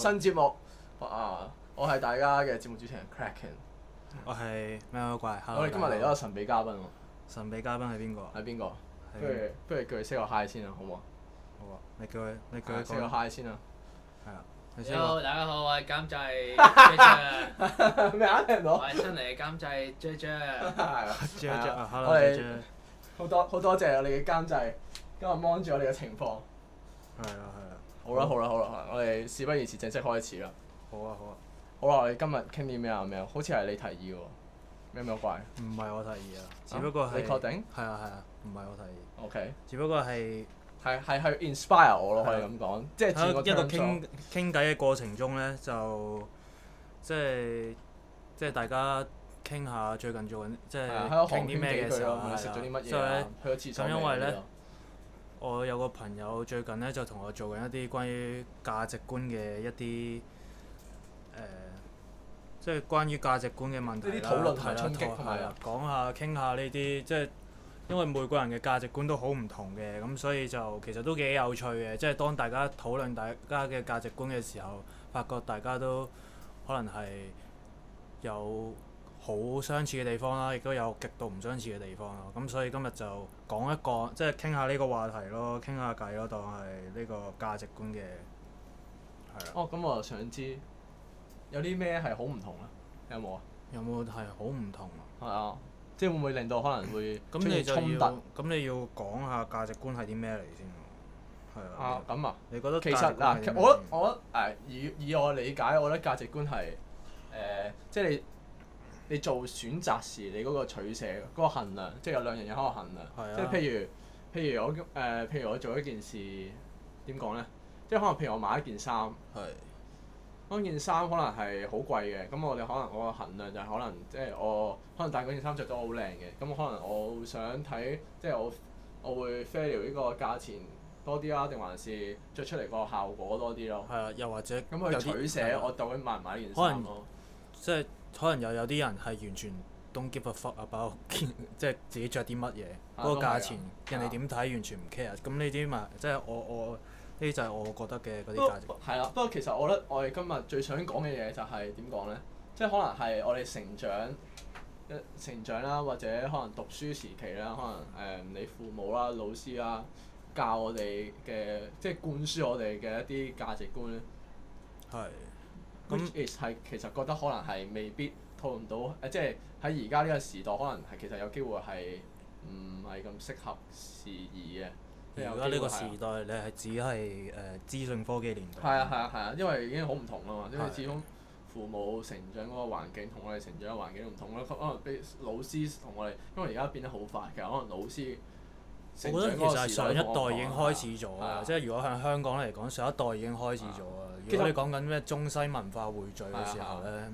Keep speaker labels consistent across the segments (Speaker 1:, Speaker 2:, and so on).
Speaker 1: 新節目啊！我係大家嘅節目主持人 Cracking，
Speaker 2: 我係咩乜怪。
Speaker 1: 我哋今日嚟咗個神秘嘉賓喎。神秘嘉賓係邊個？係邊個？不如不如叫佢 say 個 hi 先啊，好唔好？好啊！你叫佢，你叫佢 say 個 hi 先啦。係啊！你好，大家好，我係監製 j a 咩啊？聽到？我係新嚟嘅監製 j J。z z 係啊 j h e l l o j a z 好多好多謝我哋嘅監製今日望住我哋嘅情況。係啊！係。好啦好啦好啦，我哋事不宜遲，正式開始啦。好啊好啊。好啦，我哋今日傾啲咩啊咩啊？好似係你提議喎。咩咩怪？唔係我提議啊，只不過係。你確定？係啊係啊，
Speaker 2: 唔係我提議。
Speaker 1: OK。只不過係係係係 inspire 我咯，可以咁講。即係一個傾
Speaker 2: 傾偈嘅過程中咧，就即係即係大家傾下最近做緊，即係傾啲咩嘅時候，食咗啲乜嘢啊？去咗廁所未啊？我有個朋友最近咧就同我做緊一啲關於價值觀嘅一啲、呃、即係關於價值觀嘅問題啦，同埋、係啊、講下傾下呢啲，即係因為每個人嘅價值觀都好唔同嘅，咁所以就其實都幾有趣嘅。即係當大家討論大家嘅價值觀嘅時候，發覺大家都可能係有。好相似嘅地方啦，亦都有極度唔相似嘅地方咯。咁、嗯、所以今日就講一個，即係傾下呢個話題咯，傾下偈咯，當
Speaker 1: 係呢個價值觀嘅哦，咁、嗯、我就想知有啲咩係好唔同啊？有冇啊？有冇係好唔同啊？係啊，即係會唔會令
Speaker 2: 到可能會出現、嗯嗯嗯、衝突？咁、嗯你，嗯、你要講下價值觀係啲咩嚟先啊？係啊。
Speaker 1: 咁啊？你覺得其實嗱、啊，我覺得我誒、哎、以以，以我理解，我覺得價值觀係誒、呃，即係你。嗯你做選擇時，你嗰個取捨嗰、嗰個衡量，即係有兩樣嘢可以衡量。啊、即係譬如譬如我誒、呃、譬如我做一件事點講呢？即係可能譬如我買一件衫，嗰、啊、件衫可能係好貴嘅。咁我哋可能我個衡量就係可能即係我可能但係嗰件衫着到好靚嘅。咁可能我會想睇即係我我會 fail 呢個價錢多啲啊，定還是着出嚟個效果多啲咯、啊？又或者咁佢取捨，啊、我究竟買唔買呢件衫能即
Speaker 2: 係。啊可能又有啲人係完全 don't give a fuck about、 嗯就是、啊，把個即係自己着啲乜嘢，嗰個價錢、啊嗯、人哋點睇完全唔 care、啊。咁呢啲咪即係我我
Speaker 1: 呢啲就係我覺得嘅嗰啲價值。係 啦、啊，不過其實我覺得我哋今日最想講嘅嘢就係、是、點講咧？即、就、係、是、可能係我哋成長成長啦、啊，或者可能讀書時期啦、啊，可能誒、呃、你父母啦、啊、老師啦、啊、教我哋嘅，即、就、係、是、灌輸我哋嘅一啲價值觀咧。係。咁，其實覺得可能係未必套用到即係喺而家呢個時代，可能係其實有機會係唔係咁適合時宜嘅。而家呢個時代，是啊、你係只係誒、呃、資訊科技年代。係啊係啊係啊，因為已經好唔同啦嘛，因為是、啊、始終父母成長嗰個環境同我哋成長嘅環境唔同咧，可能老師同我哋，因為而家變得好快，其實可能老師成長嗰個時代。我覺得其實上一代已經開始咗嘅，
Speaker 2: 即係是、啊、如果向香港嚟講，上一代已經開始咗啦。是啊是啊。其實你講緊咩中西文化匯聚嘅時候咧，啊、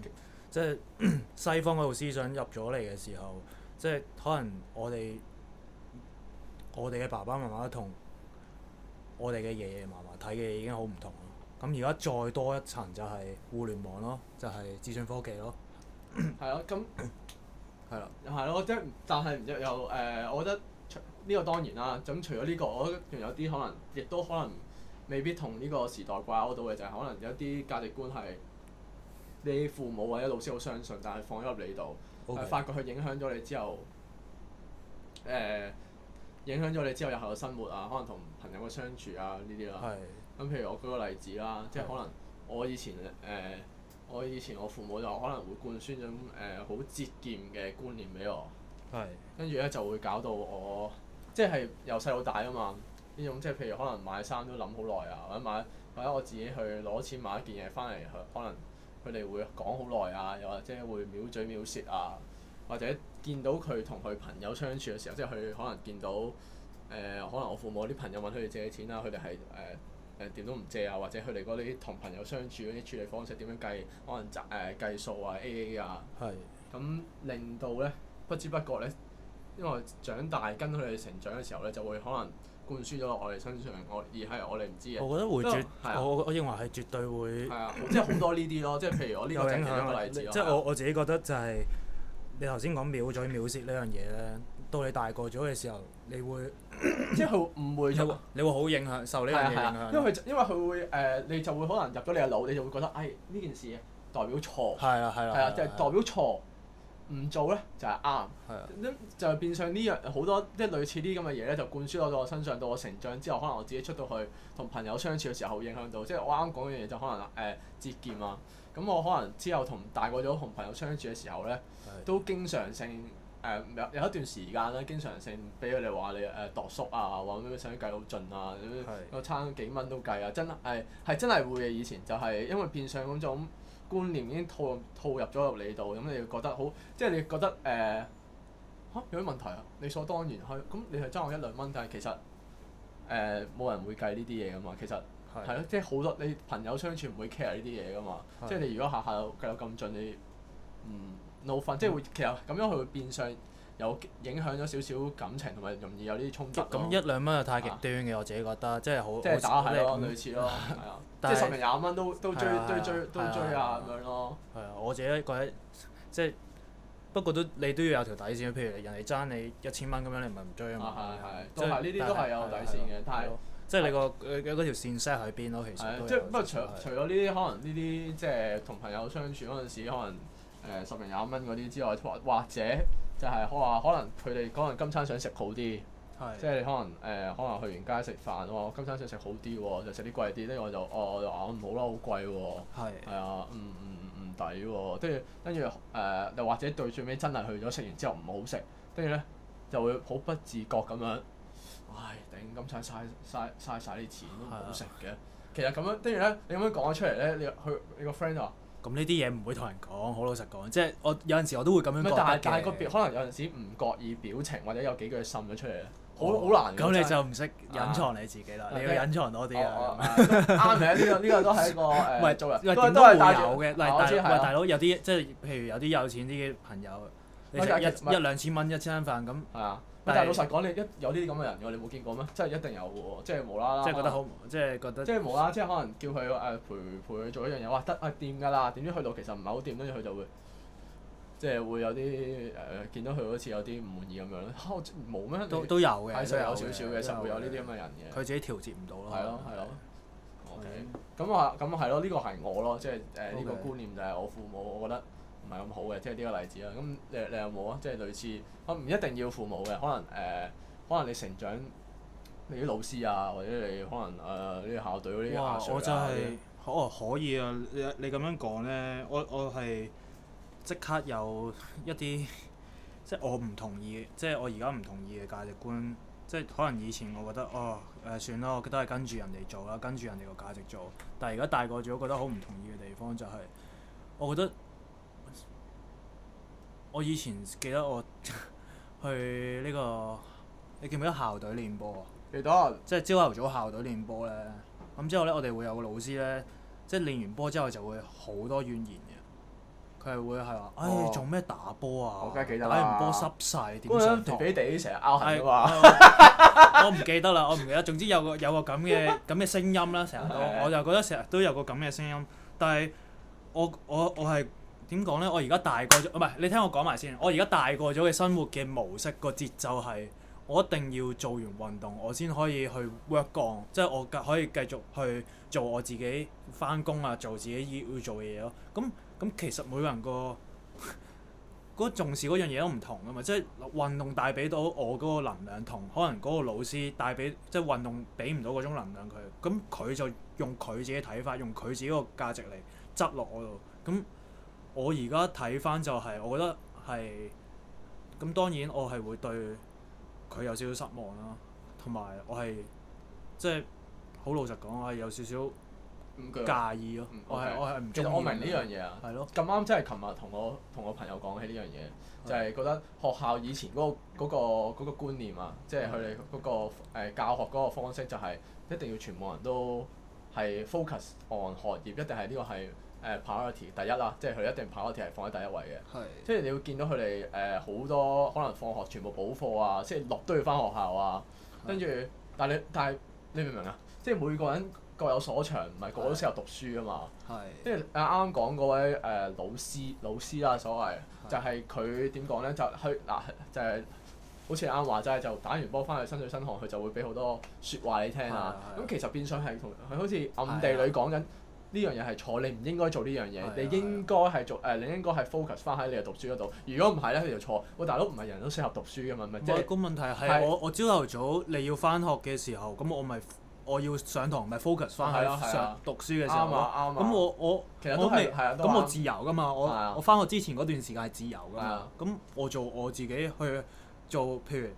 Speaker 2: 即係 西方嗰套思想入咗嚟嘅時候，即係可能我哋我哋嘅爸爸媽媽同我哋嘅爺爺嫲嫲睇嘅已經好唔同。咁而家再多一層就係互聯網咯，
Speaker 1: 就係資訊科技咯。係咯，咁係啦，係咯、啊，即係、 啊啊，但係又誒，我覺得呢、這個當然啦。咁除咗呢、這個，我覺得仲有啲可能，亦都可能。未必同呢個時代掛鈎到嘅就係、是、可能有啲價值觀係你父母或者老師好相信，但係放咗入你度，係 Okay.、啊、發覺佢影響咗你之後，誒、呃、影響咗你之後日後嘅生活啊，可能同朋友嘅相處啊呢啲啦。咁的譬如我舉個例子啦，即係可能我以前誒、呃、我以前我父母就可能會灌輸咗誒好節儉嘅觀念俾我。
Speaker 2: 的
Speaker 1: 跟住咧就會搞到我即係由細到大啊嘛。呢種即係譬如可能買衫都諗好耐啊，或者買或者我自己去攞錢買一件嘢翻嚟，可能佢哋會講好耐啊，又或者會藐嘴藐舌啊，或者見到佢同佢朋友相處嘅時候，即係佢可能見到誒、呃，可能我父母啲朋友問佢哋借錢啊，佢哋係誒誒點都唔借啊，或者佢哋嗰啲同朋友相處嗰啲處理方式點樣計，可能集誒、呃、計數啊，A A 啊，係咁是令到咧不知不覺咧，因為長大跟佢哋成長嘅時候咧，就會可能。灌輸咗落我哋身上，我而係我哋唔知嘅。我覺得會絕，我
Speaker 2: 我認為係絕對會。係啊，即係好多呢
Speaker 1: 啲咯，即係譬如我呢個整嘅例子。即係我
Speaker 2: 我自己覺得就係你頭先講秒嘴秒舌呢樣嘢咧，到你大個咗嘅時候，
Speaker 1: 你會即係誤會咗，
Speaker 2: 你會好影響受呢樣嘢影響。係啊係啊，
Speaker 1: 因為佢因為佢會誒，你就會可能入咗你嘅腦，你就會覺得誒呢件事代表錯。係啊，係啊，係啊，就係代表錯。唔做咧就係、是、啱，咁的就變相呢樣好多即係類似啲咁嘅嘢咧，就灌輸落咗我身上，到我成長之後，可能我自己出到去同朋友相處嘅時候，會影響到。即係我啱啱講嘅嘢，就可能誒節儉啊，咁、呃、的我可能之後同大個咗同朋友相處嘅時候咧，都經常性誒、呃、有有一段時間咧，經常性俾佢哋話你誒度縮啊，話咩咩想計好盡啊，咁樣我差幾蚊都計啊，真係係、呃、真係會嘅。以前就係因為變相嗰種。觀念已經套套入咗入你度，咁你就覺得好，即係你覺得誒嚇有啲問題啊？理所當然去，咁你係爭我一兩蚊，但係其實誒冇人會計呢啲嘢㗎嘛。其實係咯，即係好多你朋友相處唔會 care 呢啲嘢㗎嘛。即係你如果下下計到咁盡，你唔怒憤，即係會其實咁樣佢會變相有影響咗少少感情，同埋容易有啲衝擊。咁一兩蚊又太極端嘅，我自己覺得即係好即係打下咯，類似咯，係啊。即係十零廿蚊都都追都追都追啊，
Speaker 2: 咁樣咯。係啊，我自己覺得即係不過都你都要有條底線，譬如人哋爭你一千蚊咁樣，你咪唔追啊嘛。啊係係，同埋呢啲都係有底線嘅，但係即係你個你嘅嗰條線 set 喺邊咯，其
Speaker 1: 實。即係不過除除咗呢啲，可能呢啲即係同朋友相處嗰陣時，可能誒十零廿蚊嗰啲之外，或者就係我話可能佢哋可能今餐想食好啲。即係你可能誒、呃，可能去完街食飯喎，今餐想食好啲喎，就食啲貴啲，跟住我就，我就話唔好啦，好貴喎，係，啊，唔唔唔抵喎，跟住跟住誒，又、嗯嗯嗯啊嗯、或者對最尾真係去咗食完之後唔好食，跟住咧就會好不自覺咁樣，唉，頂，咁嘥曬曬曬啲錢的都唔好食嘅。其實咁樣，跟住咧，你咁樣講咗出嚟咧，你佢你個 friend 就話，咁呢啲嘢
Speaker 2: 唔會同人講，好老實講，即係我有陣時我都會咁樣講，但係但係、那個表，可
Speaker 1: 能有陣時唔覺意表情或者有幾句滲咗出嚟。好，好難。咁你就唔識隱藏你自己啦，你要隱藏多啲啊。啱嘅，呢個呢個都係一個唔係做人，因為都係有嘅。嗱，喂，大
Speaker 2: 佬有啲即係譬如有啲有錢啲嘅朋友，一一兩千蚊一餐飯咁。
Speaker 1: 係啊。但係老實講，你一有呢啲咁嘅人，你冇見過咩？即係一定有喎，即係無啦啦。即係覺得好，即係覺得。即係無啦，即係可能叫佢誒陪陪佢做一樣嘢，哇得啊掂㗎啦！點知去到其實唔係好掂，跟住佢就會。即係會有啲誒、呃、見到佢好似有啲唔滿意咁樣咯，冇、哦、咩？都都有嘅，係有少少嘅，實會有呢啲咁嘅人嘅。佢自己調節唔到咯。係咯，係咯。O.K. 咁啊，咁啊係咯，呢個係我咯，即係誒呢個觀念就係我父母，我覺得唔係咁好嘅，即係呢個例子啦。咁誒你，你有冇啊？即、就、係、是、類似我唔一定要父母嘅，可能誒、呃、可能你成長你啲老師啊，或者你可能呢個、呃、校隊嗰啲、啊、我真係
Speaker 2: 可可以啊！你你咁樣講咧，我我係。即刻有一啲，即係我唔同意，即係我而家唔同意嘅價值觀，即係可能以前我覺得哦誒、呃、算啦，我覺得係跟住人哋做啦，跟住人哋個價值做。但係而家大個咗，覺得好唔同意嘅地方就係、是、我覺得我以前記得我 去呢、這個，你記唔記得校隊練波啊？記得，即係朝頭早校隊練波咧，咁之後咧，我哋會有個老師咧，即係練完波之後就會好多怨言嘅。佢係會係話，唉，做咩打波啊？我梗係記得啦。波濕晒，點上堂？地地成日拗係話。我唔記得啦，我唔記得。總之有個有個咁嘅咁嘅聲音啦，成日我我就覺得成日都有個咁嘅聲音，但係我我我係點講咧？我而家大個咗，唔係你聽我講埋先。我而家大個咗嘅生活嘅模式個節奏係，我一定要做完運動，我先可以去 work on，即係我可可以繼續去做我自己返工啊，做自己要要做嘅嘢咯。咁咁、嗯、其實每個人個嗰重視嗰樣嘢都唔同㗎嘛，即係運動帶俾到我嗰個能量同可能嗰個老師帶俾，即係運動俾唔到嗰種能量佢，咁佢就用佢自己嘅睇法，用佢自己個價值嚟執落我度。咁我而家睇返就係、是，我覺得係咁，當然我係會對佢有少少失望啦，同埋我係即係好
Speaker 1: 老實講，我係有少少。介意咯，嗯、okay，我係，我係，唔。我明呢樣嘢啊，咁啱即係琴日同我同我朋友講起呢樣嘢，是的 就係覺得學校以前嗰、嗰個嗰個嗰個觀念啊，即係佢哋嗰個、呃、教學嗰個方式就係一定要全部人都係 focus on 學業，一定係呢個係誒 priority 第一啊，即係佢一定 priority 係放喺第一位嘅。即係是的 你要見到佢哋誒好多可能放學全部補課啊，即係落都要翻學校啊，跟住是的 但係你但係你明唔明啊？即係每個人。各有所長，唔係個個都適合讀書啊嘛。即係誒啱啱講嗰位誒老師老師啦，所謂就係佢點講咧？就佢嗱就係好似啱話齋，就打完波翻去身水身汗，佢就會俾好多説話你聽啊。咁其實變相係同佢好似暗地裏講緊呢樣嘢係錯，你唔應該做呢樣嘢，你應該係做誒，你應該係 focus 翻喺你嘅讀書嗰度。如果唔係咧，佢就錯。喂，大佬唔係人都適合讀書嘅嘛？咪？即係個
Speaker 2: 問題係我我朝頭早你要翻學嘅時候，咁我咪。我要上堂咪 focus 翻上讀書嘅時候咁、啊啊啊、我
Speaker 1: 我其實都未，咁、啊、我自
Speaker 2: 由㗎嘛，我、啊、我返學之前嗰段時間係自由㗎，咁、啊、我做我自己去做譬如。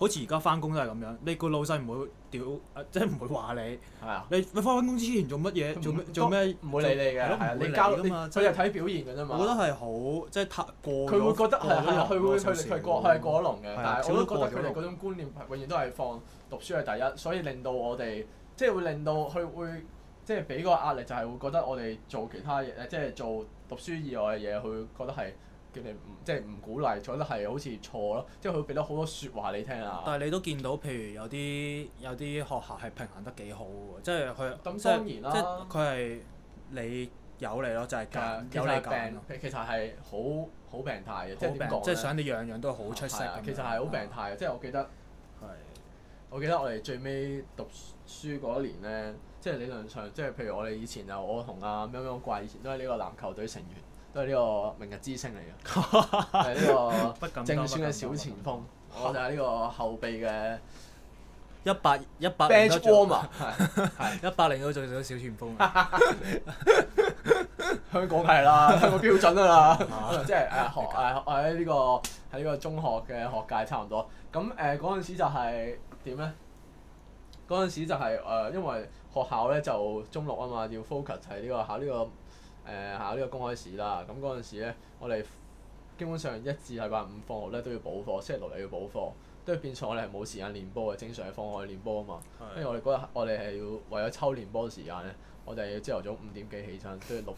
Speaker 2: 好似而家翻工都係咁樣，你個老細唔會屌，啊即係唔會話你。係啊。你你翻緊工之前做乜嘢？做咩？唔會理你嘅。係啊，你交嘛？佢又睇表現嘅啫嘛。我覺得係好，即係太過。佢會覺得係係啊，佢會佢佢過，去過咗龍嘅。但係我都覺得佢哋
Speaker 1: 嗰種觀念永遠都係放讀書係第一，所以令到我哋即係會令到佢會即係俾個壓力，就係會覺得我哋做其他嘢，即係做讀書以外嘅嘢，佢覺得係。叫你唔即係唔鼓勵，覺得係好似錯咯，即係佢俾咗好多說話你聽啊。但係你
Speaker 2: 都見到，譬如有啲有啲學校係平衡得幾好嘅，即係佢。咁當然啦。即係
Speaker 1: 佢係你有利咯，就係有利。病。其實係好好病態嘅，即係點講咧？即係即係想你樣樣都好出色。啊、其實係好病態嘅，即係、啊、我記得。係。我記得我哋最尾讀書嗰一年咧，即係理論上，即係譬如我哋以前又，我同阿喵喵怪以前都係呢個籃球隊成員。都係呢個明日之星嚟嘅，係呢個正選嘅小前鋒。我就係呢個後備嘅一百一百 b
Speaker 2: 一百零都做到小前鋒。
Speaker 1: 香港係啦，香港標準啦，即係誒學誒喺呢個喺呢個中學嘅學界差唔多。咁誒嗰陣時就係點咧？嗰陣時就係誒、呃，因為學校咧就中六啊嘛，要 focus 係呢、這個考呢個。這個誒考呢個公開試啦，咁嗰陣時呢，我哋基本上一至禮拜五放學呢都要補課，星期六日要補課，都係變咗我哋係冇時間練波嘅，正常係放學去練波啊嘛。是的 因為我哋嗰日，我哋係要為咗抽練波嘅時間咧，我哋要朝頭早五點幾起身，都要六。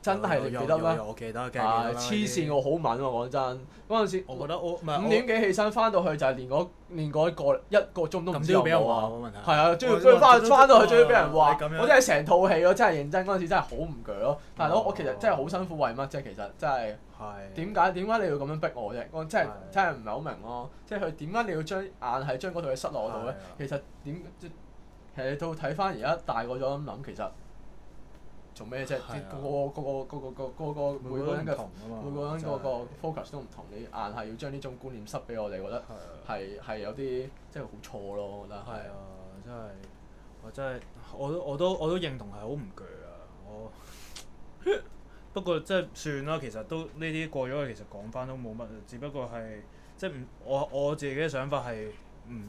Speaker 2: 真係你記得咩？有有有我記得，我記得的，黐線我
Speaker 1: 好敏喎講真。嗰陣時我覺得我五點幾起身翻到去就係連嗰連個一個鐘都唔知要俾人話。
Speaker 2: 係啊，最最翻翻到去最要俾人話。我真係成
Speaker 1: 套戲咯，真係認真嗰陣時真係好唔攰咯。係咯，我其實真係好辛苦為乜啫？其實真係點解點解你要咁樣逼我啫？我真係的真係唔係好明咯。即係佢點解你要將硬係將嗰套嘢塞落我度咧？的其實點即係到睇翻而家大個咗咁諗，其實。做咩啫？個個個個個個個每個人嘅唔同啊嘛，每個人嗰個 focus 都唔同，你硬係要將呢種觀念塞俾我哋，我覺得係係、啊、有啲即係好錯咯。我覺得係啊，真係我真係
Speaker 2: 我，我都我都我都認同係好唔鋸啊！我 不過即係算啦，其實都呢啲過咗去，其實講翻都冇乜，只不過係即係唔我我自己嘅想法係唔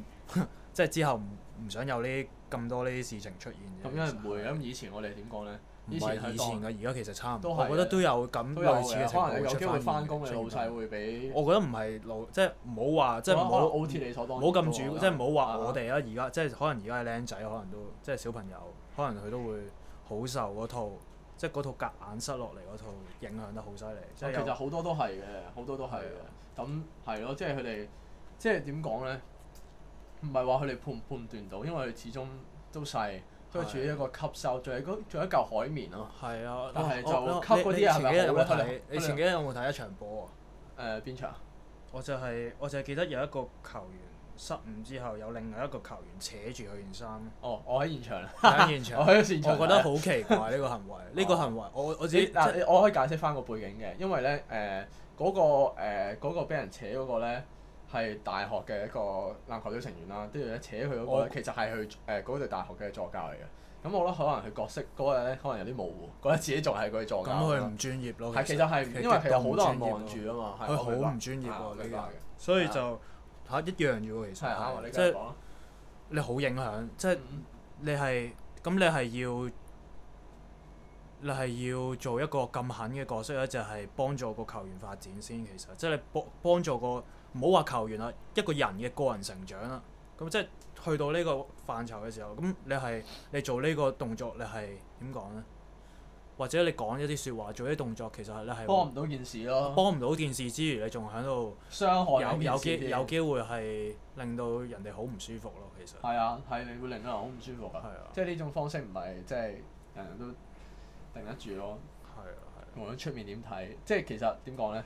Speaker 2: 即係之後唔唔想有呢咁多呢啲事情出現
Speaker 1: 咁，因為唔會咁的以前我哋點講咧？唔係以前嘅，而家其實差唔多。我覺得都有咁類似嘅情況可能有機會翻工，嘅老細會
Speaker 2: 俾我覺得唔係老，即係唔好話，即係唔好好似你所咁主，即係唔好話我哋啊。而家即係可能而家嘅僆仔，可能都即係小朋友，可能佢都會好受嗰套，即係嗰套夾硬塞落嚟嗰套影響得好
Speaker 1: 犀利。即係其實好多都係嘅，好多都係嘅。咁係咯，即係佢哋，即係點講咧？唔係話佢哋判唔判斷到，因為始終都細。都係主要一個吸收，仲係仲有一嚿海綿咯。係啊，但係就吸嗰啲係咪好得嚟？你前幾日有冇
Speaker 2: 睇一場波啊？誒邊場？我就係我就係記得有一個球員失誤之後，有另外一個球員扯住佢件衫。哦，我喺現場，我喺現場，我覺得好奇怪呢個行為。呢個行為，我我自己嗱，
Speaker 1: 我可以解釋返個背景嘅，因為咧誒嗰個誒嗰個俾人扯嗰個咧。係大學嘅一個籃球隊成員啦，跟住咧扯佢嗰個，其實係佢誒嗰隊大學嘅助教嚟嘅。咁我覺得可能佢角色嗰日咧可能有啲模糊，覺得自己仲係佢助教。咁佢唔專業咯，其實係因為有好多人望住啊嘛，佢好唔專業喎，呢個所以就嚇
Speaker 2: 一樣要喎，其實即係你好影響，即係你係咁，你係要你係要做一個咁狠嘅角色咧，就係幫助個球員發展先。其實即係你幫幫助個。唔好話球員啦，一個人嘅個人成長啦，咁即係去到呢個範疇嘅時候，咁你係你做呢個動作，你係點講呢？或者你講一啲説話，做啲動作，其實你係幫唔到件事咯。幫唔到件事之餘，你仲喺度傷害件事，有有機有機會係
Speaker 1: 令到人哋好唔舒服咯，其實。係啊，係你會令到人好唔舒服噶。係啊。即係呢種方式唔係即係人人都定得住咯。係啊係。啊無論出面點睇，即係其實點講呢？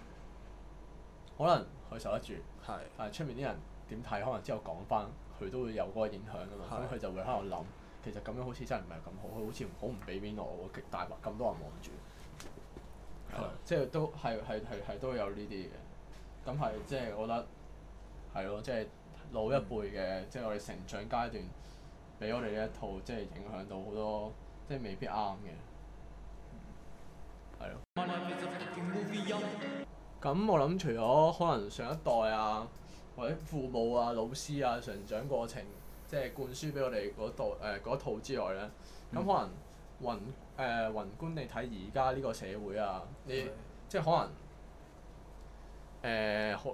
Speaker 1: 可能。佢受得住，的但係出面啲人點睇，可能之後講翻，佢都會有嗰個影響噶嘛，咁佢的就會喺度諗，其實咁樣好似真係唔係咁好，佢好似好唔俾面我喎，極大咁多人望住，的的即係都係係係係都有呢啲嘅，咁係即係我覺得係咯，即係、就是、老一輩嘅，即係、嗯、我哋成長階段俾我哋呢一套，即、就、係、是、影響到好多，即、就、係、是、未必啱嘅，係咯。咁我諗除咗可能上一代啊，或者父母啊、老師啊成長過程，即係灌輸俾我哋嗰度誒套之外咧，咁可能雲誒、呃、宏觀你睇而家呢個社會啊，你的即係可能誒、呃、好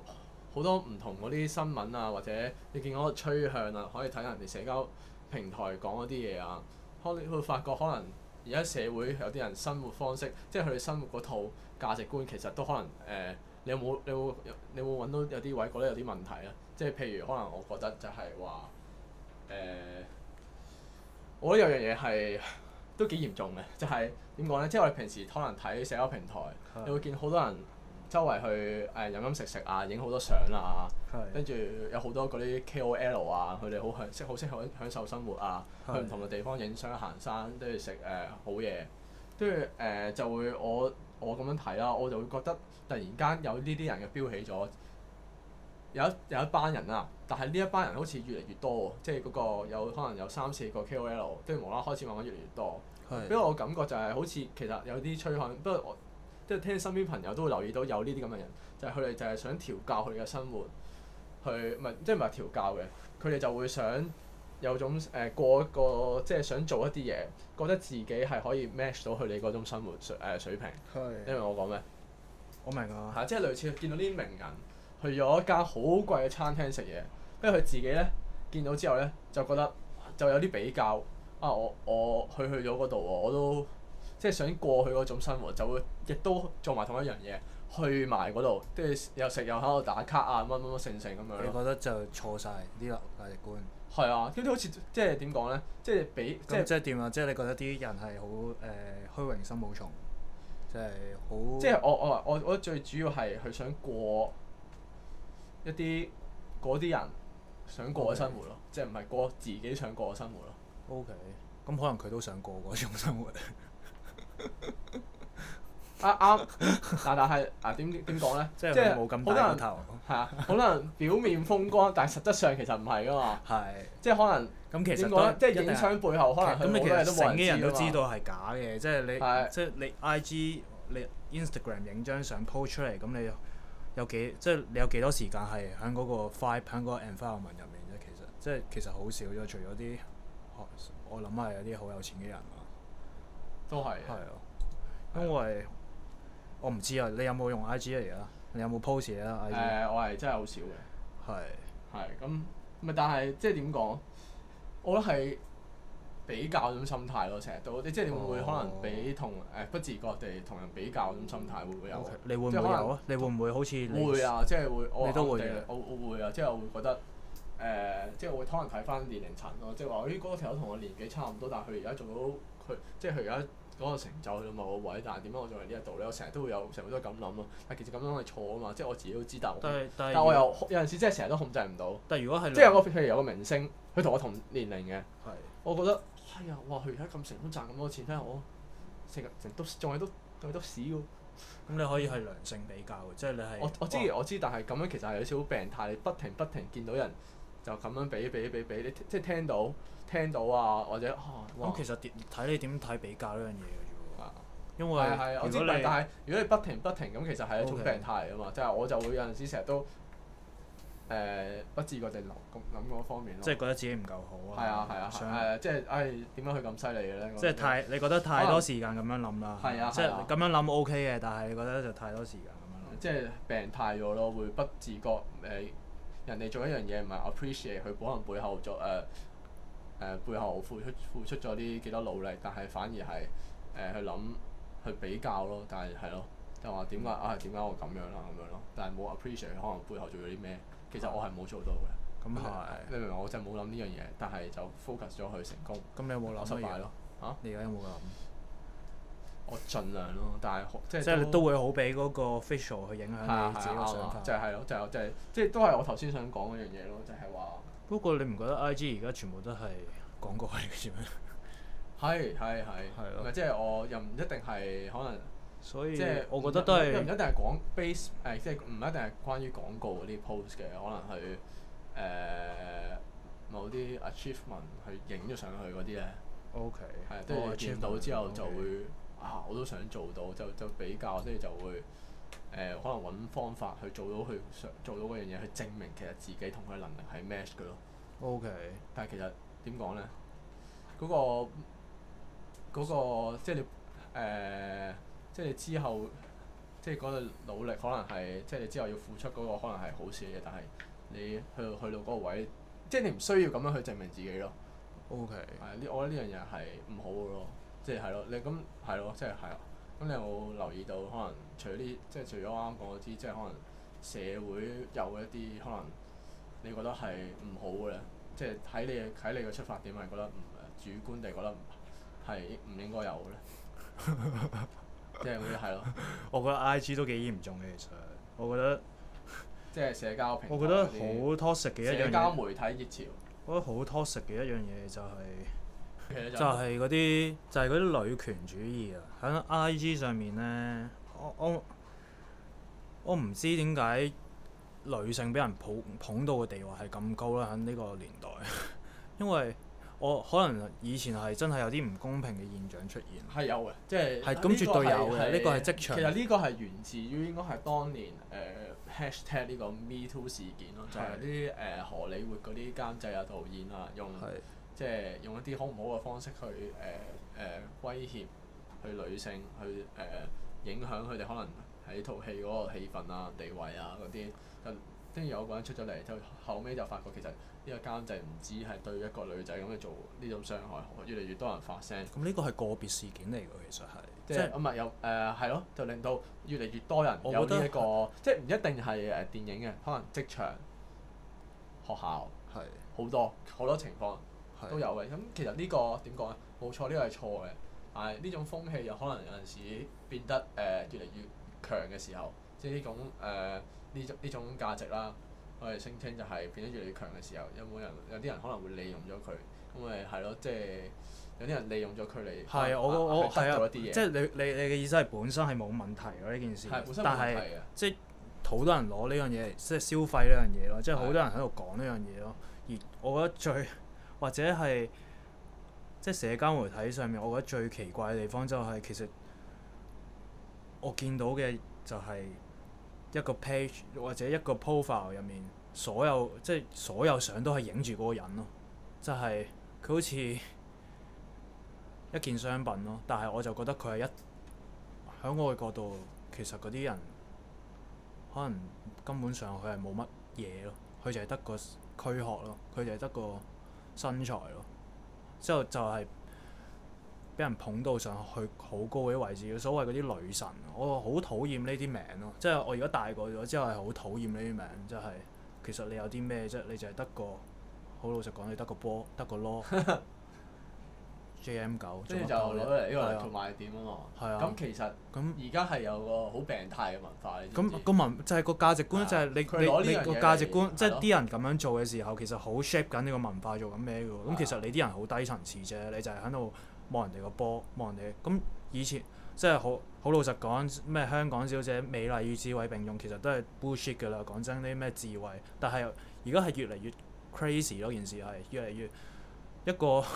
Speaker 1: 好多唔同嗰啲新聞啊，或者你見到個趨向啊，可以睇人哋社交平台講嗰啲嘢啊，可能會發覺可能。而家社會有啲人生活方式，即係佢哋生活嗰套價值觀，其實都可能誒、呃，你有冇你會你會揾到有啲位覺得有啲問題啊？即係譬如可能我覺得就係話誒，我覺得有樣嘢係都幾嚴重嘅，就係點講呢？即係我哋平時可能睇社交平台，你會見好多人。周圍去誒、呃、飲飲食食啊，影好多相啊，跟住是的 有好多嗰啲 KOL 啊，佢哋好享，即係好識享享受生活啊，是的 去唔同嘅地方影相、行山，跟住食誒好嘢，跟住誒就會我我咁樣睇啦，我就會覺得突然間有呢啲人嘅標起咗，有一有一班人啊，但係呢一班人好似越嚟越多，即係嗰個有可能有三、四個 KOL，跟住無啦啦開始望得越嚟越多，俾是的 我感覺就係好似其實有啲趨向，不過我。即係聽身邊朋友都會留意到有呢啲咁嘅人，就係佢哋就係想調教佢哋嘅生活去，去唔係即係唔係調教嘅，佢哋就會想有種誒、呃、過一個即係想做一啲嘢，覺得自己係可以 match 到佢哋嗰種生活誒水平。因為是我講咩？我明啊，嚇！即係類似見到啲名人去咗一間好貴嘅餐廳食嘢，跟住佢自己咧見到之後咧就覺得就有啲比較啊！我我佢去咗嗰度喎，我都。即係想過去嗰種生活，就會亦都做埋同一樣嘢，去埋嗰度，跟住又食又喺度打卡啊，乜乜乜成成咁樣。你覺得就錯晒
Speaker 2: 呢啲價值觀。
Speaker 1: 係啊，咁啲好似即係點講咧，即係比即係點啊？
Speaker 2: 即係你覺得啲人係好誒虛榮心冇重，就是、即係好。即係我我
Speaker 1: 我我覺得最主要係佢想過一啲嗰啲人想過嘅生活咯，Okay. 即係唔係過自己想過嘅生活咯？O K，咁可能佢都想過嗰種生活。 啊啱、啊，但但係啊點點講咧，呢即係冇咁大個頭，係啊，好多人表面風光，但實質上其實唔係噶嘛，係、啊，即係可能咁其實點講咧，即係影相背後可能好多嘢都冇知啊，成嘅人都知道係假嘅，即係你、啊、
Speaker 2: 即係你 I G 你 Instagram 影張相 post 出嚟，咁你有幾即係、就是、你有幾多時間係喺嗰個 vibe 喺個 environment 入面啫，其實即係其實好少，因為除咗啲我諗係有啲好有錢嘅人。都係，的的因為我唔知有有
Speaker 1: 啊，你有冇用 IG 嚟啊？你有冇 pose 嘢啊？誒，我係真係好少嘅。係係咁，咪但係即係點講？我覺得係比較種心態咯，成日都即係你會唔會可能比同誒、哦呃、不自覺地同人比較種心態會唔會有？Okay, 你會唔會有啊？
Speaker 2: 都你會唔會好似會啊？即係會，你都會
Speaker 1: 啊！我會啊！即係我會覺得誒、呃，即係我會可能睇翻年齡層咯、啊，即係話咦，嗰個朋友同我，我年紀差唔多，但係佢而家做到佢即係佢而家。嗰個成就去到某個位，但係點解我仲喺呢一度咧？我成日都，都會有，成日都咁諗咯。但其實咁樣係錯噶嘛，即係我自己都知道。但但係我又有陣時真係成日都控制唔到。但係如果係，即係我譬如有個明星，佢同我同年齡嘅，的我覺得係啊、哎，哇！佢而家咁成功，賺咁多錢，睇下我成日成篤仲係篤仲係篤屎喎。咁你可以係良性比較嘅，即係你係我我知哇我知，但係咁樣其實係有少少病態，你不停不停，不停見到人。就咁樣比比比比，你即係聽到聽到啊，或者嚇。咁其實睇你點睇比較呢樣嘢嘅要啊。因為如果但係如果你不停不停咁，其實係一種病態嚟噶嘛。即係我就會有陣時成日都誒不自覺地諗嗰方面咯。即係覺得自己唔夠好啊。係啊係啊係。想即係誒點解佢咁犀利嘅咧？即係太你覺得太多時間咁樣諗啦。係啊即係
Speaker 2: 咁樣諗 OK 嘅，
Speaker 1: 但係你覺得就太多時間咁樣。即係病態咗咯，會不自覺誒。人哋做一樣嘢唔係 appreciate 佢可能背後做誒誒、呃呃、背後付出付出咗啲幾多努力，但係反而係誒、呃、去諗去比較咯。但係係咯，就話點解啊？點解我咁樣啦、啊、咁樣咯？但係冇 appreciate 可能背後做咗啲咩？其實我係冇做到嘅。咁係你明唔明？我真係冇諗呢樣嘢，但係就 focus 咗佢成功。咁、嗯嗯、你有冇諗我失敗咯。嚇？你而家有冇諗？我盡量咯，但係即係都，
Speaker 2: 都會好俾嗰個 facial 去影響你自己個想法，就
Speaker 1: 係、是、咯，就係即係都係我頭先想講嗰樣嘢咯，就係、是、話。
Speaker 2: 不過你唔覺得 IG 而家全部都係廣告嚟嘅咩？
Speaker 1: 係係係，即係我又唔一定係可能，所以即係我覺得都係唔一定係講 base 誒，即係唔一定係關於廣告嗰啲 post 嘅，可能係誒、呃、某啲 achievement 去影咗上去嗰啲咧。Yeah , o okay , K 是。係，都係。到之後就會。Okay. 啊！我都想做到，就就比較，即係就會誒、呃，可能揾方法去做到，去想做到嗰樣嘢，去證明其實自己同佢能力係 match 嘅咯。OK. 但係其實點講咧？嗰個、嗰個即係誒、呃，即你之後即係嗰個努力，可能係即你之後要付出嗰個可能係好事嘅嘢，但係你去去到嗰個位，即係你唔需要咁樣去證明自己咯。OK. 係呢我覺得呢樣嘢係唔好嘅咯。即係係咯，你咁係咯，即係係咯。咁、就是、你有冇留意到可能除咗啲，即係除咗啱啱講嗰啲，即係可能社會有一啲可能你覺得係唔好嘅，即係喺你喺你嘅出發點係覺得唔主觀地係覺得係唔應該有嘅咧？即係嗰啲係咯。我覺得 IG 都
Speaker 2: 幾嚴重嘅，其實我覺得
Speaker 1: 即係社交平。我覺得好 toxic 嘅一樣嘢。社交媒體熱潮。 我
Speaker 2: 覺得好 toxic 嘅一樣嘢
Speaker 1: 就係、是。就
Speaker 2: 係嗰啲，就係嗰啲女權主義啊！喺 IG 上面咧，我我我唔知點解女性俾人捧捧到嘅地位係咁高啦！喺呢個年代，因為我可能以前係真係有啲唔公平嘅現象出現。係有嘅，即係係咁絕對有嘅。呢個係職場。其實呢
Speaker 1: 個係源自於應該係當年誒、呃、hashtag 呢個 Me Too 事件咯，就係啲誒荷里活嗰啲監製啊、導演啊用。即係用一啲好唔好嘅方式去誒誒、呃呃、威脅去女性，去誒、呃、影響佢哋可能喺套戲嗰個氣氛啊、地位啊嗰啲。就跟住有個人出咗嚟，就後尾就發覺其實呢個監製唔止係對一個女仔咁去做呢種傷害，越嚟越多人發聲。
Speaker 2: 咁呢個係個別事件嚟嘅，其實係即係咁
Speaker 1: 咪又誒係咯？就令到越嚟越多人有呢、這、一個，即係唔一定係誒電影嘅，可能職場、學校係好的多好多情況。都有嘅，咁其實個呢個點講啊？冇錯，呢、呢個係錯嘅，但係呢種風氣又可能有陣時變得誒越嚟越強嘅時候，即係呢種誒呢種呢種價值啦，我哋聲稱就係變得越嚟越強嘅時候，有冇人有啲人可能會利用咗佢，咁咪係咯，即係有啲人利用咗佢嚟係我我係啊，即係我、啊就係、
Speaker 2: 你你你嘅意思係本身係冇問題咯呢件事，本身但係即係好多人攞呢樣嘢，即係的消費呢樣嘢咯，即係好多人喺度講呢樣嘢咯，的而我覺得最或者係即係社交媒體上面，我覺得最奇怪嘅地方就係、是、其實我見到嘅就係一個 page 或者一個 profile 入面，所有即係所有相都係影住嗰個人咯，就係、是、佢好似一件商品咯。但係我就覺得佢係一喺我嘅角度，其實嗰啲人可能根本上佢係冇乜嘢咯，佢就係得個軀殼咯，佢就係得個身材咯，之後就係俾人捧到上去好高嗰啲位置，所謂嗰啲女神，我好討厭呢啲名咯。即係我而家大個咗之後係好討厭呢啲名，即係其實你有啲咩啫？你就係得個，好老實講，你得個波，得個籮。 J.M. 九，即係就攞嚟呢個嚟做
Speaker 1: 賣點啊嘛。係啊。咁其實，咁而家係有個好病態嘅文化，啊、你知唔
Speaker 2: 知咁個文就係、是、個價值觀，啊、就係你你你個價值觀，即係啲人咁樣做嘅時候，其實好 shape 緊呢個文化做緊咩嘅喎。咁、啊、其實你啲人好低層次啫，你就係喺度望人哋個波，望人哋。咁以前即係好好老實講，咩香港小姐美麗與智慧並用，其實都係 bullshit 噶啦。講真，啲咩智慧，但係而家係越嚟越 crazy 咯。件事係越嚟越，越，越一個。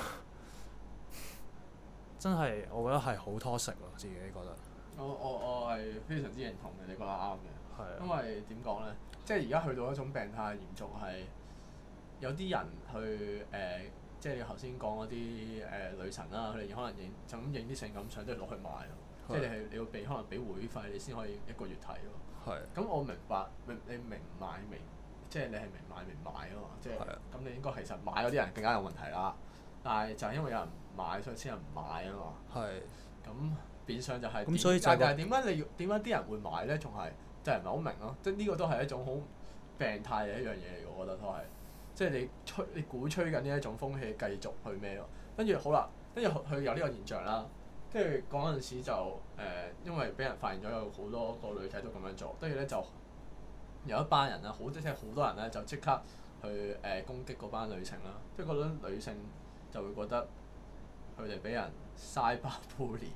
Speaker 1: 真係，我覺得係好拖食喎，自己覺得。我我我係非常之認同嘅，你覺得啱嘅。係的。因為點講咧？即係而家去到一種病態嚴重係，有啲人去誒、呃，即係你頭先講嗰啲誒女神啦，佢哋可能影就咁影啲性感相都要落去賣，的即係你係你要俾可能俾會費，你先可以一個月睇咯。係的。咁我明白，你明買明，即係你係明買明買啊嘛，即係咁你應該其實買嗰啲人更加有問題啦。但係就係因為有人。買所以先人唔買啊嘛，係咁是變相就係咁。嗯、但係點解你要點解啲人會買咧？仲係就係唔係好明咯，即係呢個都係一種好病態嘅一樣嘢嚟。我覺得都係即係你吹你鼓吹緊呢一種風氣，繼續去咩咯？跟住好啦，跟住佢有呢個現象啦。跟住嗰陣時就誒、呃，因為俾人發現咗有好多個女仔都咁樣做，跟住咧就有一班人啦，好即係好多人咧就即刻去誒、呃、攻擊嗰班女性啦。即係嗰啲女性就會覺得。佢哋俾人嘥包半年，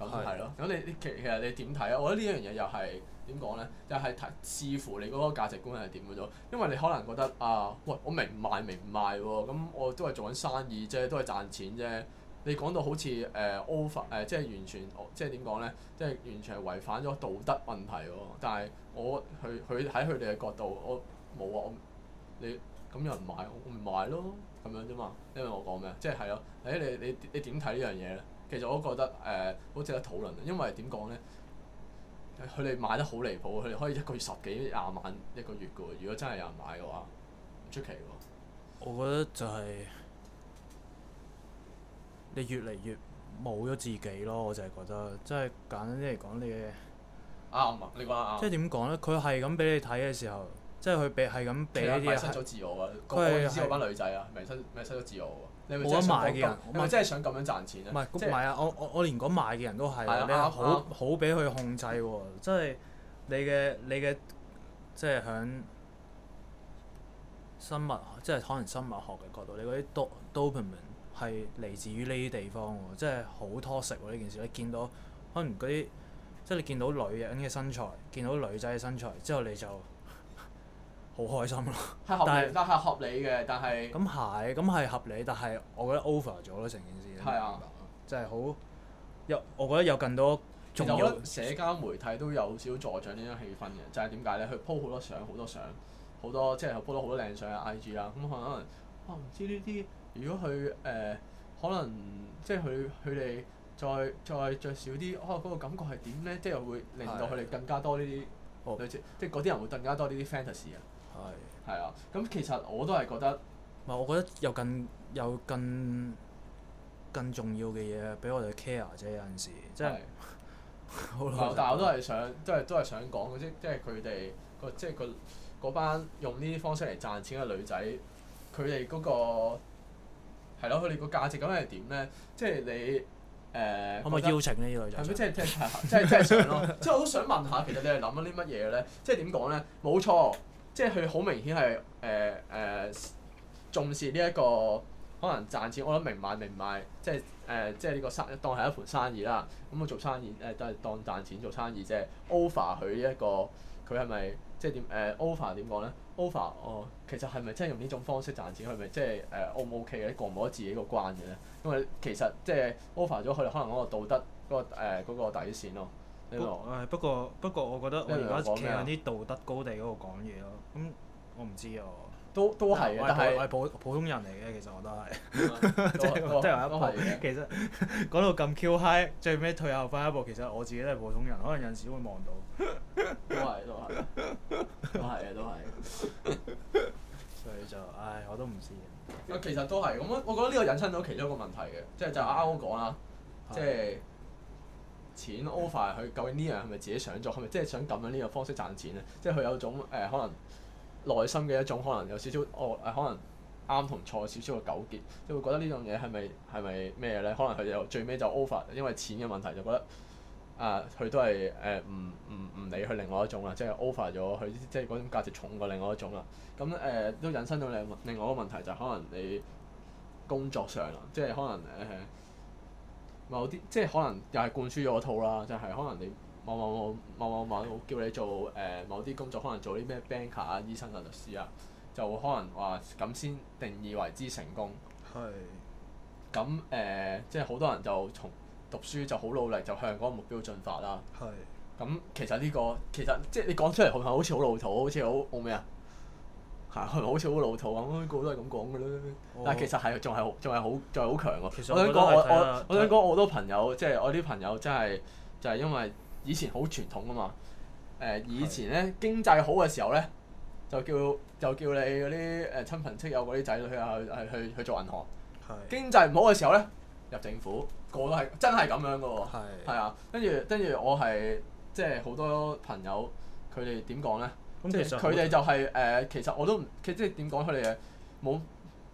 Speaker 1: 咁係咯。咁你其其實你點睇啊？我覺得呢一樣嘢又係點講咧，又係睇視乎你嗰個價值觀係點嘅咗。因為你可能覺得啊，喂，我明賣明賣喎、哦，咁我都係做緊生意啫，都係賺錢啫。你講到好似誒、呃、over 誒、呃，即係完全即係點講咧，即係完全係違反咗道德問題喎、哦。但係我佢佢喺佢哋嘅角度，我冇啊，我你咁有人買，我咪賣咯。咁樣啫嘛，因為我講咩，即係係咯，誒、就是、你你你點睇呢樣嘢咧？其實我都覺得誒好、呃、值得討論，因為點講咧，佢哋買得好離譜，佢哋可以一個月十幾廿萬一個月嘅喎，如果真係有人買嘅話，唔出奇喎。我覺得就係、是、你越嚟越
Speaker 2: 冇咗自己咯，我就係覺得，即、就、係、是、簡單啲嚟講，你嘅啱
Speaker 1: 啊，嗯、你話啱。即係點
Speaker 2: 講咧？佢係咁俾你睇嘅時候。即係佢俾係咁俾啊！迷失咗自我啊！嗰班老班女
Speaker 1: 仔啊，迷失迷失咗自我啊！你冇得賣嘅人，唔係真係想咁樣賺錢啊！唔係即唔係啊！我我
Speaker 2: 我連講賣嘅人都係啊！你好好俾佢控制喎，即係你嘅你嘅即係響生物，即係可能生物學嘅角度，你嗰啲 do dopamine 係嚟自於呢啲地方喎，即係好 toxic 喎呢件事。你見到可能嗰啲即係你見到女人嘅身材，見到女仔嘅身材之後你就，好開心咯是，但係但係合理嘅，但係咁係咁係合理，但係我覺得 over 咗咯，成件事係啊，就係好有我覺得有更多仲有，
Speaker 1: 社交媒體都有少助長呢種氣氛嘅，就係點解咧？佢 po 好多相，好多相，多多好多、嗯呃、即係 po 多好多靚相啊，IG 啊，咁可能啊唔知呢啲如果佢誒可能即係佢佢哋再再着少啲，啊嗰個感覺係點咧？即係會令到佢哋更加多呢啲即係嗰啲人會更加多呢啲 fantasy 啊！係。係啊，咁、嗯、其實我都係覺得，唔係我覺得有更有更更重要嘅嘢俾我哋 care 啫，有陣時，即係的。好耐。 但我都係想，都係都係想講嘅，即即係佢哋個，即係個嗰班用呢啲方式嚟賺錢嘅女仔，佢哋嗰個係咯，佢哋個價值觀係點咧？即係你誒可唔可以邀請呢啲女仔？係咪？即係即係即係即係想咯，即係 我好想問下，其實你係諗緊啲乜嘢咧？即係點講咧？冇錯。即係佢好明顯係誒誒重視呢一個可能賺錢，我諗明買明賣，即係誒即係呢個生當係一盤生意啦。咁佢做生意誒都係當賺錢做生意即係。Over 佢呢一個佢係咪即係點誒？Over 點講咧？Over 哦，其實係咪真係用呢種方式賺錢？佢係咪即係誒 O 唔 OK 嘅過唔過得自己個關嘅咧？因為其實即係 Over 咗佢哋可能嗰個道德嗰個誒嗰個底線咯。不，誒不過不過我覺得我而家企喺啲道德高地嗰度講嘢咯，咁我唔知啊。都
Speaker 2: 都係，但係我係普普通人嚟嘅，其實我都係，即即係一排。其實講到咁 Q high，最尾退後翻一步，其實我自己都係普通人，可能有時會望到，
Speaker 1: 都係都係，都係嘅都係。所以就，唉，我都唔知。其實都係咁我覺得呢個引申到其中一個問題嘅，即係就啱啱講啦，即係。錢 offer 佢，究竟呢樣係咪自己想做，係咪即係想咁樣呢個方式賺錢咧？即係佢有種誒、呃、可能內心嘅一種可能有少少哦誒可能啱同錯少少嘅糾結，就會覺得種是是是是呢樣嘢係咪係咪咩咧？可能佢有最尾就 offer 因為錢嘅問題就覺得啊，佢、呃、都係誒唔唔唔理佢另外一種啦，即係 offer 咗佢即係嗰種價值重過另外一種啦。咁誒、呃、都引申到你另外一個問題就係可能你工作上啦，即係可能誒。呃某啲即係可能又係灌輸咗套啦，就係可能你某某某某某某叫你做誒某啲工作，可能做啲咩 banker 啊、醫生啊、律師啊，就可能話咁先定義為之成功。係。咁誒，即係好多人就從讀書就好努力，就向嗰個目標進發啦。係。咁其實呢個其實即係你講出嚟，係好似好老土，好似好好咩啊？啊、好似好老土咁、哎，個個都係咁講嘅咧。哦、但係其實係，仲係仲係好，仲係好強其實我，我想講我我我想講好多朋友，即、就、係、是、我啲朋友真，真係就係、是、因為以前好傳統啊嘛。誒、呃，以前咧是的 經濟好嘅時候咧，就叫就叫你嗰啲誒親朋戚友嗰啲仔女啊去去去做銀行。是的 經濟唔好嘅時候咧，入政府，個個都係真係咁樣嘅喎。啊，跟住跟住我係即係好多朋友，佢哋點講咧？佢哋就係誒、呃，其實我都唔，即係點講佢哋誒冇，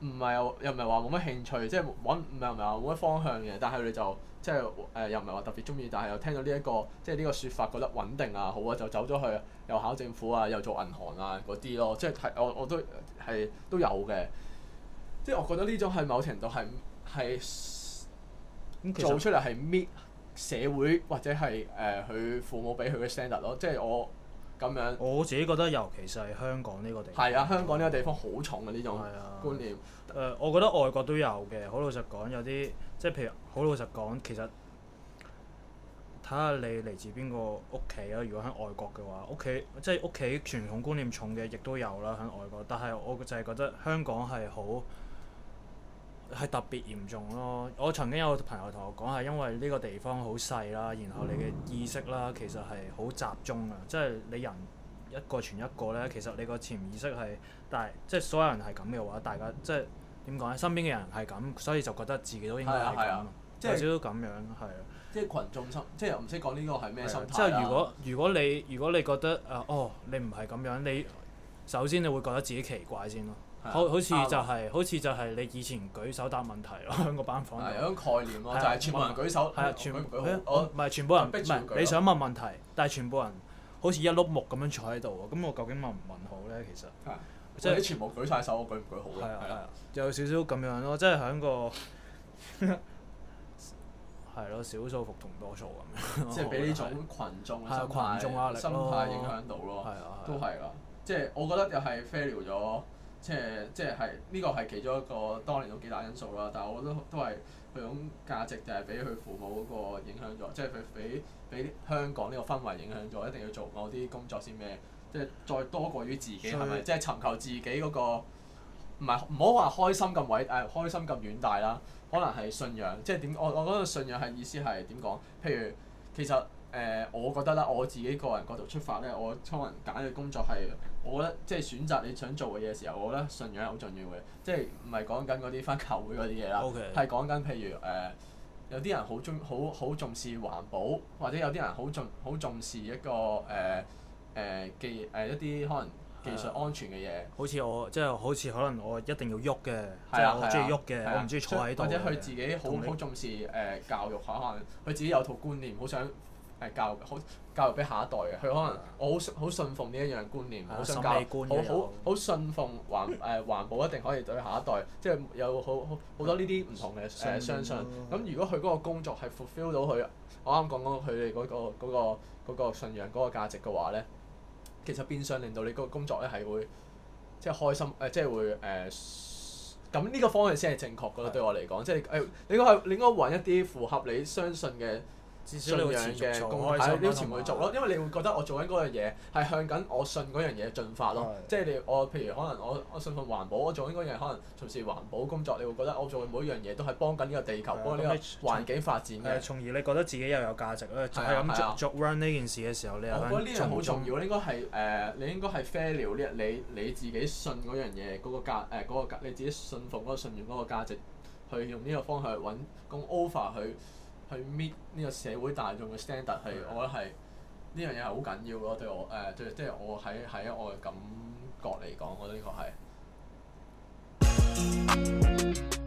Speaker 1: 唔係又唔係話冇乜興趣，即係揾唔係唔係話冇乜方向嘅。但係佢哋就即係誒、呃，又唔係話特別中意，但係又聽到呢、這、一個即係呢個説法，覺得穩定啊好啊，就走咗去，又考政府啊，又做銀行啊嗰啲咯。即係睇我我都係都有嘅，即係我覺得呢種係某程度係係做出嚟係 meet 社會或者係誒佢父母俾佢嘅 standard 咯。即係我。咁樣我自己覺得，尤其是係香港呢個地方。係啊，香港呢個地方好重嘅、啊、呢種觀念。
Speaker 2: 誒、啊呃，我覺得外國都有嘅。好老實講，有啲即係譬如，好老實講，其實睇下你嚟自邊個屋企啊。如果喺外國嘅話，屋企即係屋企傳統觀念重嘅，亦都有啦。喺外國，但係我就係覺得香港係好。係特別嚴重咯！我曾經有個朋友同我講，係因為呢個地方好細啦，然後你嘅意識啦，其實係好集中啊！即係你人一個傳一個呢，其實你個潛意識係，但係即係所有人係咁嘅話，大家即係點講呢？身邊嘅人係咁，所以就覺得自己都應該係咁啊！即係少少咁樣，係啊！
Speaker 1: 即係群眾心，即係又唔識講呢個係咩心態、啊啊、即係如果
Speaker 2: 如果你如果你覺得啊哦，你唔係咁樣，你首先你會覺得自己奇怪先咯。好，好似就係，好似就係你以前舉手答問題喎，喺個班房入邊係有種概念咯，就係全部人舉手。係啊，全我唔係全部人，唔係你想問問題，但係全部人好似一碌木咁樣坐喺度喎。咁我究竟問唔問好咧？其實即係你全部舉晒手，
Speaker 1: 我舉唔舉好咧？係啊，
Speaker 2: 有少少咁樣咯，即係喺個係咯少數服同多數咁
Speaker 1: 樣。即係俾呢種群眾心態、羣眾壓力咯，影響到咯，都係啦。即係我覺得又係 fail 咗。即係即係係呢個係其中一個當年都幾大因素啦。但係我覺得都係佢種價值就係俾佢父母嗰個影響咗，即係佢俾俾香港呢個氛圍影響咗，一定要做某啲工作先咩？即係再多過於自己係咪？即係以、就係、尋求自己嗰個唔係唔好話開心咁偉誒、啊、開心咁遠大啦，可能係信仰。即係點我我覺得信仰係意思係點講？譬如其實。誒、呃，我覺得啦，我自己個人角度出發咧，我通常揀嘅工作係，我覺得即係選擇你想做嘅嘢時候，我覺得信仰係好重要嘅，即係唔係講緊嗰啲返教會嗰啲嘢啦，係講緊譬如誒、呃，有啲人好中好好重視環保，或者有啲人好重好重視一個誒誒、呃呃、技誒一啲可能技術安全嘅嘢、啊。好似我即係、就是、好似可能我一
Speaker 2: 定要喐嘅，即係、啊、我中意喐嘅，我唔中意坐喺度、啊。或者佢自己好好
Speaker 1: 重視誒教育，可能佢自己有套觀念，好想。係教育好教育俾下一代嘅，佢可能我好好信奉呢一樣觀念，好、 啊、信教，好好信奉環誒、呃、環保一定可以對下一代，即係有好好、啊、多呢啲唔同嘅誒信、呃、相信。咁、啊、如果佢嗰個工作係 fulfill 到佢，我啱講講佢哋嗰個嗰、那個那個那個、信仰嗰個價值嘅話咧，其實變相令到你個工作咧係會即係、就是、開心誒、呃，即係會誒。咁、呃、呢個方向先係正確㗎喇，是的 對我嚟講，即係誒你應該你應該揾一啲符合你相信嘅。至少你會持續做，係你會持續去做咯，因為你會覺得我做緊嗰樣嘢係向緊我信嗰樣嘢進發咯。即係你，我譬如可能我我信奉環保，我做緊嗰樣嘢可能從事環保工作，你會覺得我做嘅每一樣嘢都係幫緊呢個地球幫呢個環境發展嘅。誒，從而你覺得自己又有價值咧。係咁做
Speaker 2: 做 run 呢件事嘅時候，你又覺得我覺得呢樣好重要，
Speaker 1: 應該係誒，你應該係 follow 呢，你你自己信嗰樣嘢嗰個價誒，嗰個價你自己信奉嗰個信念嗰個價值，去用呢個方向去揾供 over 去。去 meet 呢個社會大眾嘅 standard 係，我覺得係呢樣嘢係好緊要咯。對我誒、呃，對即係、就是、我喺喺我嘅感覺嚟講，我覺得呢個係。